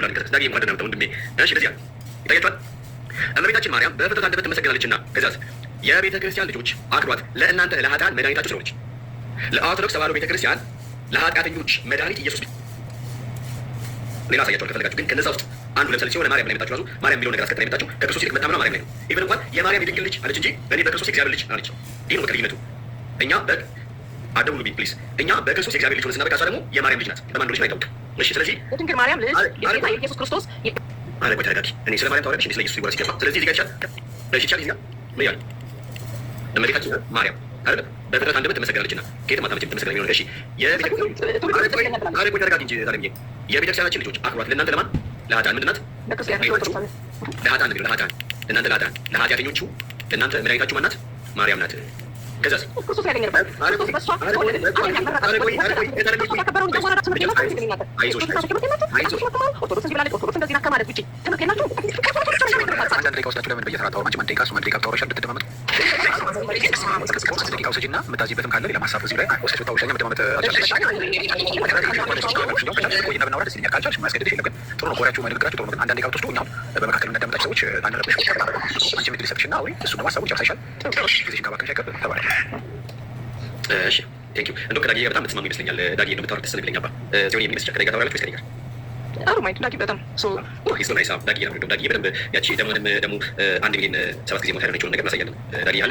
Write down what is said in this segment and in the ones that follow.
ብላ ንገረስ ዳግም እንኳን ደህና መጣህ ወንድሜ። እሺ እንደዚህ አለ ይታያቸዋል። እመቤታችን ማርያም በፍጥረት አንደበት ትመሰገናለች እና ከዚያስ የቤተ ክርስቲያን ልጆች አክሏት ለእናንተ ለኃጥአን መድኃኒታችሁ ስለሆነች ለኦርቶዶክስ ተዋሕዶ ቤተ ክርስቲያን ለኃጢአተኞች መድኃኒት ኢየሱስ ሌላ አሳያቸዋል ከፈለጋችሁ። ግን ከነዛ ውስጥ አንዱ ለምሳሌ ሲሆን ማርያም ላይ መጣችሁ ራሱ ማርያም የሚለው ነገር አስከተለ የመጣችሁ ከክርስቶስ ይልቅ መታመኗ ማርያም ላይ ነው። ኢቨን እንኳን የማርያም የድንግል ልጅ አለች እንጂ እኔ በክርስቶስ እግዚአብሔር ልጅ አለች ይህ ነው ልዩነቱ እኛ አደውሉብኝ ፕሊዝ። እኛ በክርስቶስ የእግዚአብሔር ልጅ ሆነና በቃሷ ደግሞ የማርያም ልጅ ናት። በማን ልጅ አይታወቅም። እሺ፣ ስለዚህ የድንግል ማርያም ልጅ የኢየሱስ ክርስቶስ አረ ቆይ ተረጋጊ። እኔ ስለ ማርያም ታወራለሽ፣ ስለ ኢየሱስ ይወራ ሲገባ። ስለዚህ እዚህ ጋር ይቻል እሺ፣ ይቻል ይዝጋ ምን ያለ እመቤታችን ማርያም አይደለም በፍጥረት አንደበት ተመሰገነ ልጅ ከየትም አታመጭም ተመሰገነ የሚሆነው። እሺ፣ ቆይ ተረጋጊ እንጂ ታዲያ የቤተክርስቲያናችን ልጆች አክብሯት። ለእናንተ ለማን ለሀጣን ምንድን ናት? ለሀጣን ለሀጣን እናንተ ለሀጣን ለሀጢያተኞቹ እናንተ መድኃኒታችሁ ማናት? ማርያም ናት። ከዛ አንዳንድ ደቂቃ ወስዳችሁ ለምን በየተራ ታወሩ? አንቺም አንድ ደቂቃ እሱም አንድ ደቂቃ ብታወራ ሰዎች አንረብሽ። አንቺ ምድል ይሰጥሽና ወይ ተባለ። እሺ ቴንኪው። እንደው ከዳጊ ጋር በጣም የምትስማሙ ይመስለኛል። ዳጊ እንደምታወራ ደስ ይለኛል። አባ ዚሆን የሚመስል ከዳጊ ጋር ታወራለች ወይስ ከዳጊ ጋር አሮማይቱ ዳጊ በጣም ሂስቶሪ ሳ ዳጊ ነው። ዳጊ በደንብ ያቺ ደሞንም ደግሞ አንድ ሚሊዮን ሰባት ጊዜ ሞት ያደረገችውን ነገር እናሳያለን። ዳጊ ያለ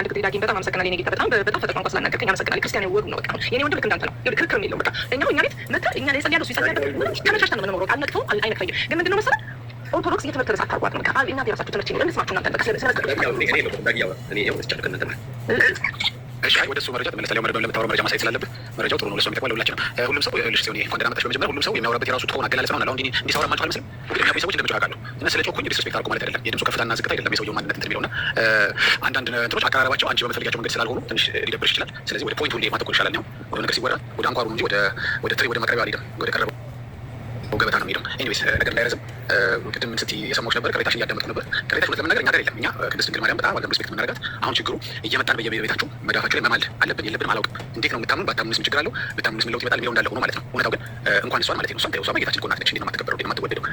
አንድ ጊዜ ዳጊን በጣም አመሰግናለሁ። ጌታ በጣም በጣም ፈጠ ቋንቋ ስላናገርከኝ አመሰግናለሁ። ክርስቲያን ወግ ነው። በቃ የኔ ወንድም ልክ እንዳንተ ነው። ክርክር የሚለው በቃ እኛው እኛ ቤት መታ እኛ ላይ ጸልያለሁ እሱ ተመቻችተን ነው የምንኖረው። አልነቅፈውም፣ አይነቅፈኝም። ግን ምንድን ነው መሰለህ ኦርቶዶክስ የትምህርት ርዕስ አታርጓት ነው። እናንተ የራሳችሁ ትምህርት ነው። እንስማችሁ እናንተ በቃ ስለዚህ እሺ፣ አይ ወደ እሱ መረጃ ተመለስ። ለምታወራው መረጃ ማሳየት ስላለብህ መረጃው ጥሩ ነው። ለእሷ የሚጠቅመው ለሁላችንም። ሁሉም ሰው ልሽ ሲሆን ኮንተንት አመጣሽ። በመጀመሪያ ሁሉም ሰው የሚያወራበት የራሱ ትሆን አገላለጽ ነው። አሁን እንዲሳወራ ማንቸው አልመስልም። እንግዲህ የሚያቆኝ ሰዎች እንደምጮህ አውቃለሁ። እና ስለ ጮኩኝ ዲስፔክት አድርጎ ማለት አይደለም። የድምፁ ከፍታና ዝቅታ አይደለም የሰውየው ማንነት እንትን የሚለውና አንዳንድ እንትኖች አቀራረባቸው አንቺ በምትፈልጊያቸው መንገድ ስላልሆኑ ትንሽ ሊደብርሽ ይችላል። ስለዚህ ወደ ፖይንቱ ሁሌ ማተኮር ይሻላል። ሁሉ ነገር ሲወራ ወደ አንኳሩ እንጂ ወደ ትሪ ወደ ማቅረቢያ አልሄድም። ወደ ቀረበው ገበታ ነው የሚሄደው። ኤኒዌይስ ነገር እንዳይረዝም ቅድም ስትይ የሰማሁሽ ነበር። ቅሬታሽን እያዳመጥኩ ነበር። ቅሬታሽ ሁለት ለመናገር እኛ ጋር የለም። እኛ ቅድስት ድንግል ማርያም በጣም አለም ሪስፔክት የምናደርጋት አሁን ችግሩ እየመጣን በየቤታችሁ መዳፋችሁ ላይ መማል አለብን የለብንም አላውቅም። እንዴት ነው የምታምኑ ባታምኑስ ችግር አለው? ብታምኑስ ምን ለውጥ ይመጣል የሚለው እንዳለ ሆኖ ማለት ነው። እውነታው ግን እንኳን እሷን ማለት ነው እሷን እሷ በጌታችን እኮ እናት ነች። እንዴት ነው የማትከበረው? እንዴት ነው የማትወደደው?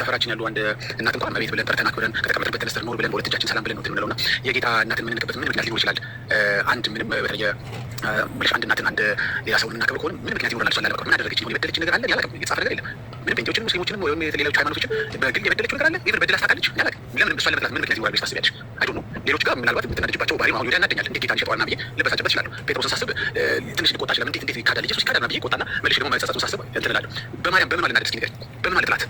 ሰፈራችን ያሉ አንድ እናት እንኳን መቤት ብለን ጠርተን አክብረን ከተቀመጥንበት ተነስተን ኖር ብለን በሁለት እጃችን ሰላም ብለን ነው የምንለው እና የጌታ እናትን የምንንቅበት ምን ምክንያት ሊኖር ይችላል? አንድ ምንም በተለየ ብለሽ አንድ እናትን አንድ ሌላ ሰውን እናከብር ከሆነ ምን ምክንያት ይኖረናል? እሷ ላለመቅበር ምን አደረገች? የበደለች ነገር አለ? እኔ አላውቅም። ነገር የለም። ምንም ጴንጤዎችንም ሙስሊሞችንም ወይም ሌሎች ሃይማኖቶችን በግል የበደለችው ነገር አለ። ኢቨን በደል አስታውቃለች ያላል። ለምን ብሷ ለመጥላት ምን ምክንያት ይዋል ቤት ታስቢያለሽ? አይ ዶንት ሌሎች ጋር ምናልባት የምትናደጅባቸው ባህሪ አሁን ይሁዳ እናደኛል። እንዴት ጌታን ይሸጠዋልና ብዬ ልበሳጭበት እችላለሁ። ጴጥሮስን ሳስብ ትንሽ ልቆጣ እችላለሁ። እንዴት እንዴት ይካዳል ኢየሱስ ይካዳልና ብዬ ቆጣና መልሼ ደግሞ ማይጸጸቱ ሳስብ እንትን በማርያም በምን ማለት እናደድ እስኪ ንገሪኝ። በምን ማለት ጥላት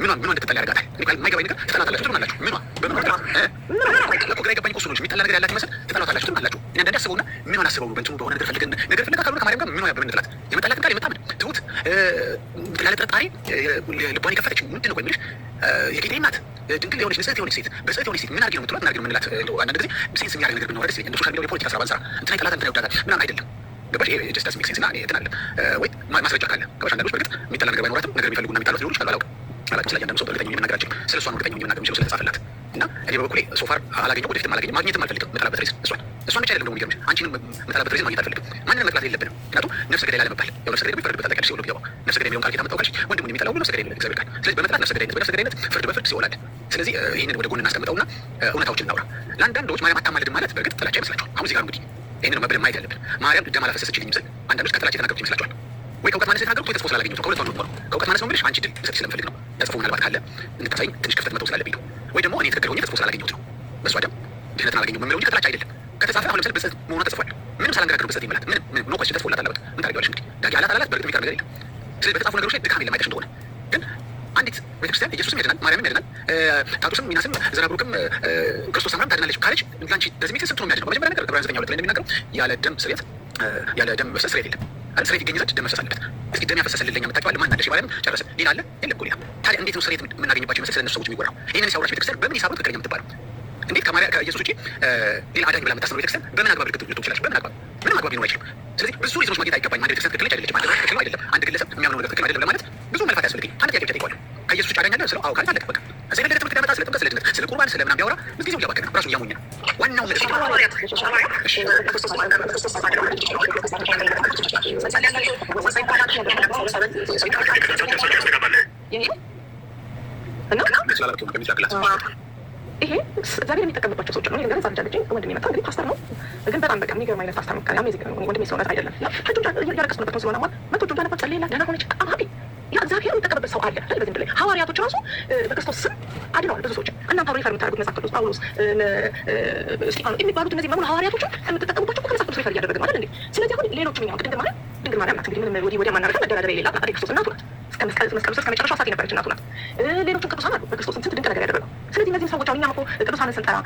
ምኗን ምኗን እንድትጠላ ያደርጋታል? የማይገባኝ ነገር ትጠላታላችሁ፣ ትሉናላችሁ። ምኗ በምን እኮ ግራ የገባኝ እሱ ነው እንጂ የሚጠላ ነገር ያላችሁ ይመስል ትጠላታላችሁ፣ ትሉናላችሁ። እኔ አንዳንዴ አስበውና ምኗን አስበው በእንትኑ በሆነ ነገር ፈልገን ነገር ፈልጋ ካልሆነ ከማርያም ጋር ምኗ በምንጥላት የመጣላት ጋር የመጣምን ትሁት ያለ ጥርጣሬ ልቧን የከፈተች ምንድን ነው የሚልሽ የጌጤ እናት ድንግል የሆነች ንጽሕት የሆነች ሴት በጽሕት የሆነች ሴት ምን አድርጌ ነው የምትሏት? ምን አድርጌ ነው የምንላት? አንዳንድ ጊዜ ሴንስ የሚያደርግ ነገር ብናወራ ደስ ይለኛል። ሶሻል ሚዲያ የፖለቲካ ስራ ባንሰራ እንትና ይጠላታል፣ እንትና ይወዳታል ምናምን አይደለም ገባሽ ይሄ ጀስት ሜክ ሴንስ እና እንትን አለ ወይ ማስረጃ ካለ ገባሽ አንዳንዶች በእርግጥ የሚጠላ ነገር ባይኖራትም ነገር የሚፈልጉና የሚጣሏት ሊሆኑ ይችላሉ አላውቅም አላውቅም። ስለ እያንዳንዱ ሰው በእርግጠኛ የምናገር አልችልም። ስለ እሷ ነው እርግጠኛ የምናገር የምችለው ስለተጻፈላት እና እኔ በበኩሌ ሶፋር አላገኘሁም፣ ወደፊትም አላገኘም፣ ማግኘትም አልፈልግም። መጣላበት ሬስ እሷን እሷን ብቻ አይደለም ደግሞ የሚገርምሽ አንቺንም መጣላበት ሬስ ማግኘት አልፈልግም። ማንንም መጥላት የለብንም። ምክንያቱም ነፍሰ ገዳይ ላለመባል ያው ነፍሰ ገዳይ ደግሞ ቀድሽ ሁሉ ቢገባው ነፍሰ ገዳይ የሚለውን ቃል ጌታ መጣው ካልሽ ወንድሙን የሚጠላ ነፍሰ ገዳይ እግዚአብሔር ቃል። ስለዚህ በመጥላት ነፍሰ ገዳይነት በነፍሰ ገዳይነት ፍርድ በፍርድ ሲወላል። ስለዚህ ይህንን ወደ ጎን እናስቀምጠውና እውነታዎችን እናውራ። ለአንዳንዶች ማርያም አታማልድም ማለት በእርግጥ ጥላቻ ይመስላቸዋል። አሁን እዚህ ጋር እንግዲህ ይህንን መብልን ማየት ያለብን ማርያም ደም አላፈሰሰችልኝም ስል አንዳንዶች ከጥላቻ የተናገሩት ይመስላቸዋል። ወይ ከእውቀት ማነስ የተናገርኩት ወይ ተጽፎ ስላላገኘሁት ነው። ከሁለቱ አንዱ ነው። ከእውቀት ማነስ ነው የምልሽ አንቺ ድል ልሰጥሽ ስለምፈልግ ነው። ተጽፎ ምናልባት ካለ እንድታሳይኝ ትንሽ ክፍተት መተው ስላለብኝ ነው። ወይ ደግሞ እኔ ትክክል ተጽፎ ስላላገኘሁት ነው። በእሷ ደም ድህነትን አላገኘሁም የምለው እንጂ ከተላቸው አይደለም። ከተጻፈ አሁን ለምሳሌ በስህተት መሆኗ ተጽፏል። ምንም ሳላንገራግረው በስህተት ይመላት ምንም ምንም ኖ ኮስችን ተጽፎላት አላበት ምን ታደርጊዋለሽ እንግዲህ ዳጊ አላት አላላት በእርግጥ የሚቀር ነገር የለም። ስለዚህ በተጻፉ ነገሮች ላይ ድካም የለም አይተሽ እንደሆነ ግን አንዲት ቤተክርስቲያን ኢየሱስም ያድናል፣ ማርያምም ያድናል፣ ታጡስም ሚናስም ዘናብሩቅም ክርስቶስ አምራም ታድናለች ካለች ለአንቺ ለዚህ ሚስል ስንቱ ነው የሚያድነው? በመጀመሪያ ነገር ዕብራውያን ዘጠኝ ሁለት ላይ እንደሚናገረው ያለ ደም ስርየት ያለ ደም መፍሰስ ስርየት የለም። እስር ቤት ይገኝ ዘንድ ደም መፍሰስ አለበት። እስኪ ደም ያፈሰሰልን ለእኛ ማን አለሽ? የባለም ጨረስን። ሌላ አለ የለም። ጎሊያ ታዲያ እንዴት ነው እስር የምናገኝባቸው ይመስል ስለ ሰዎች የሚወራው? ይህንን ሲያወራች ቤተክርስቲያን በምን ሂሳብ ነው ትክክለኛ የምትባለው? እንዴት ከማርያም ከኢየሱስ ውጪ ሌላ አዳኝ ብላ የምታስተምረው ቤተክርስቲያን በምን አግባብ ልትገ ትችላለች? በምን አግባብ ምንም አግባብ ሊኖር አይችልም። ስለዚህ ብዙ ሪዝኖች ማግኘት አይገባኝም። አንድ ቤተክርስቲያን ትክክለች አይደለችም። አንድ ትክክል አይደለም። አንድ ግለሰብ የሚያምነው ነገር ትክክል አይደለም ለማለት ብዙ መልፋት ያስፈልግኝ። አንድ ጥያቄ ብቻ ጠይቀዋለሁ። ከኢየሱስ ውጭ አዳኝ ስለው አዎ አለቀ በቃ። እዚህ የበለጠ ትምህርት ሊያመጣ ስለ ጥምቀት፣ ስለ ድነት፣ ስለ ቁርባን፣ ስለ ምናምን ቢያወራ ምንጊዜም እያባከነ ራሱን እያሞኘ ነው። ዋናውን ነገር ይሄ እግዚአብሔር የሚጠቀምባቸው ሰው አለ። በዚህ ምድር ላይ ሐዋርያቶች ራሱ በክርስቶስ ስም አድነዋል ብዙ ሰዎች። እናንተ ሪፈር የምታደርጉት መጽሐፍ ቅዱስ ጳውሎስ፣ እስጢፋኖስ የሚባሉት እነዚህ ሐዋርያቶችን የምትጠቀሙባቸው ከመጽሐፍ ቅዱስ ሪፈር እያደረግን ማለት። ስለዚህ አሁን ሌሎች ቅድም ማለት ድንግል ማርያም ናት። እንግዲህ ምንም ወዲህ ወዲያ ማናረጋ መደራደሪያ የሌላት ናት። ክርስቶስ እናቱ ናት። መስቀሉ ስር ከመጨረሻው ሰዓት የነበረች እናቱ ናት። ሌሎችም ቅዱሳን አሉ በክርስቶስ ስንት ድንቅ ነገር ያደረገው። ስለዚህ እነዚህም ሰዎች አሁን እኛም እኮ ቅዱሳንን ስንጠራ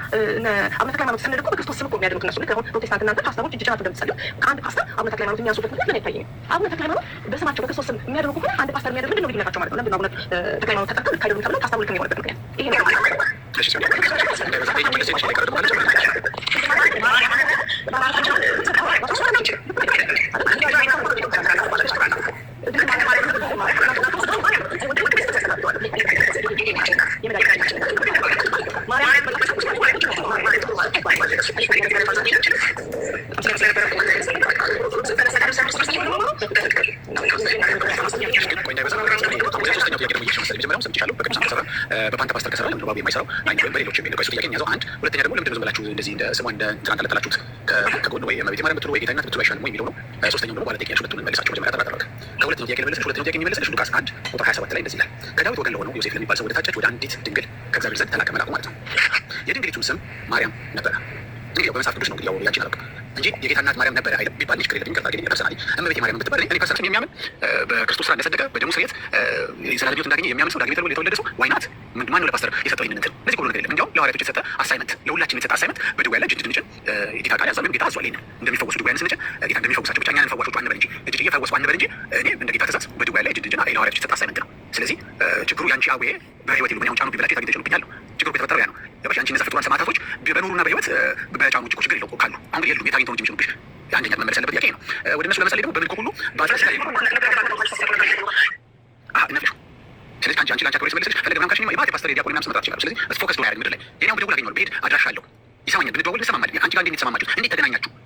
አቡነ ተክለ ሃይማኖት ስንል እኮ በክርስቶስ ስም እኮ የሚያደርጉት እነሱ ልክ አሁን ፕሮቴስታንት እናንተ ፓስተሮች እጅ ጫፍ እንደምትሰሉ ከአንድ ፓስተር አቡነ ተክለ ሃይማኖት የሚያዙበት ምክንያት ምን አይታየኝም። አቡነ ተክለ ሃይማኖት በስማቸው በክርስቶስ ስም የሚያደርጉ ከሆነ አንድ ፓስተር የሚያደርግ ምንድን ነው ልዩነታቸው ማለት ነው? ለምንድን ነው አቡነ ተክለ ሃይማኖት ተጠርተው ልክ አይደሉም ተብለው ፓስተሩ ልክ የሚሆንበት ምክንያት ይሄ ነው ማለት ነው። የሚቻለው በቅዱስ ከሰራ በፓንታ ፓስተር ከሰራ ለምንድነው ባቡ የማይሰራው? አንድ ወይም በሌሎች የሚለው ቀሱ ጥያቄ የሚያዘው አንድ። ሁለተኛ ደግሞ ለምንድነው ዝም ብላችሁ እንደዚህ እንደ ስሟ እንደ እንትና እንዳለጠላችሁት ከጎን ወይ መቤት ማርያም ብትሉ ወይ ጌታነት ብትሉ አይሻልም ወይ የሚለው ነው። ሶስተኛው ደግሞ ባለጠቂያችሁ ሁለቱን መልሳችሁ መጀመሪያ ተራጠራለ። ከሁለተኛው ጥያቄ ለመለሰች ሁለተኛው ጥያቄ የሚመለሰች ሉቃስ አንድ ቁጥር ሀያ ሰባት ላይ እንደዚህ ይላል ከዳዊት ወገን ለሆነው ዮሴፍ ለሚባል ሰው ወደ ታጨች ወደ አንዲት ድንግል ከእግዚአብሔር ዘንድ ተላከ መልአኩ ማለት ነው። የድንግሊቱም ስም ማርያም ነበረ። እንግዲህ በመጽሐፍ ቅዱስ ነው እንግዲህ ያው ያችን አላውቅም እንጂ የጌታ እናት ማርያም ነበር አይደል ቢባል ችግር የለብኝም። ከርታ ግን ፐርሰናሊ እመቤቴ ማርያም የምትባል እኔ ፐርሰናሊ የሚያምን በክርስቶስ ስራ እንደሰደቀ በደሙ ስርየት የዘላለም ሕይወት እንዳገኘ የሚያምን ሰው ዳግም ተብሎ የተወለደ ሰው ዋይናት ማን ነው ለፓስተር የሰጠው ይህንን እንትን እንደዚህ ሁሉ ነገር የለም። እንዲያውም ለሐዋርያቶች የተሰጠ አሳይመንት፣ ለሁላችን የተሰጠ አሳይመንት በድውያ ያለ እጅ እንድንጭን ጌታ ቃል ያዛለም ጌታ አዟል። ይህንን እንደሚፈወሱ ያንስ ስንጭን ጌታ እንደሚፈወሳቸው ብቻ እኛን ፈዋሾቹ አንበል እንጂ እጅ እየፈወስኩ አንበል እንጂ እኔ እንደ ጌታ ትእዛዝ በድውያ ያለ እጅ እንድንጭን ለሐዋርያቶች የተሰጠ አሳይመንት ነው። ስለዚህ ችግሩ ያንቺ አዌ በህይወት ይሉ ጫኑ ቢበላቸው ታገኝ ተችሉብኛለሁ ችግሩ የተፈጠረው ያ ነው። ያንቺ እነዛ ፍጡራን ሰማዕታቶች በኖሩና በህይወት አንደኛት መመለስ ያለበት ጥያቄ ነው። ወደ እነሱ ለምሳሌ ደግሞ በምልኮ ሁሉ ስለዚህ አንቺ ላንቺ ፈለገ ዲያቆን ምናምን ስለዚህ ብሎ ምድር ላይ አገኘዋለሁ። ብሄድ አድራሻ ይሰማኛል። አንቺ ጋር እንዴት እንዴት ተገናኛችሁ?